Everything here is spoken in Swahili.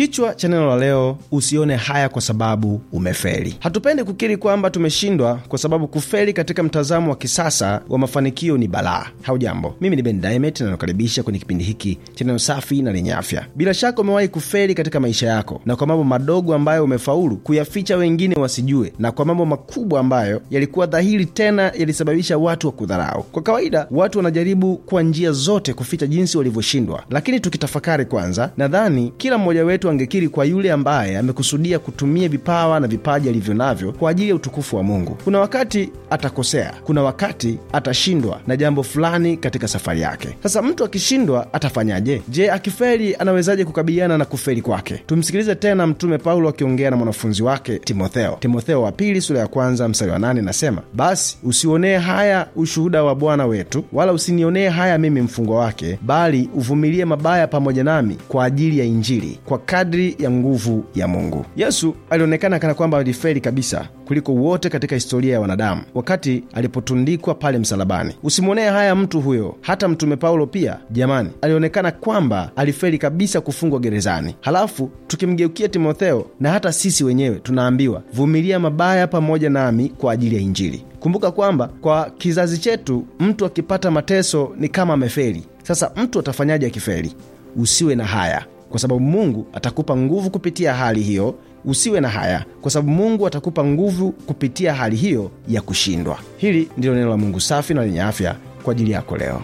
Kichwa cha neno la leo, usione haya kwa sababu umefeli. Hatupendi kukiri kwamba tumeshindwa, kwa sababu kufeli katika mtazamo wa kisasa wa mafanikio ni balaa. Haujambo, mimi ni Ben Diamond na nakaribisha kwenye kipindi hiki cha neno safi na lenye afya. Bila shaka umewahi kufeli katika maisha yako, na kwa mambo madogo ambayo umefaulu kuyaficha wengine wasijue, na kwa mambo makubwa ambayo yalikuwa dhahiri tena yalisababisha watu wa kudharau. Kwa kawaida watu wanajaribu kwa njia zote kuficha jinsi walivyoshindwa, lakini tukitafakari kwanza, nadhani kila mmoja wetu angekiri kwa yule ambaye amekusudia kutumia vipawa na vipaji alivyo navyo kwa ajili ya utukufu wa Mungu. Kuna wakati atakosea, kuna wakati atashindwa na jambo fulani katika safari yake. Sasa mtu akishindwa atafanyaje? Je, akifeli anawezaje kukabiliana na kufeli kwake? Tumsikilize tena Mtume Paulo akiongea na mwanafunzi wake Timotheo. Timotheo wa pili sura ya kwanza mstari wa nane nasema, basi usionee haya ushuhuda wa Bwana wetu, wala usinionee haya mimi mfungwa wake, bali uvumilie mabaya pamoja nami kwa ajili ya Injili kwa kadri ya nguvu ya Mungu. Yesu alionekana kana kwamba alifeli kabisa kuliko wote katika historia ya wanadamu wakati alipotundikwa pale msalabani. Usimwonee haya mtu huyo. Hata Mtume Paulo pia, jamani, alionekana kwamba alifeli kabisa kufungwa gerezani. Halafu tukimgeukia Timotheo na hata sisi wenyewe tunaambiwa, vumilia mabaya pamoja nami kwa ajili ya Injili. Kumbuka kwamba kwa kizazi chetu mtu akipata mateso ni kama amefeli. Sasa mtu atafanyaje akifeli? Usiwe na haya kwa sababu Mungu atakupa nguvu kupitia hali hiyo. Usiwe na haya, kwa sababu Mungu atakupa nguvu kupitia hali hiyo ya kushindwa. Hili ndilo neno la Mungu safi na lenye afya kwa ajili yako leo.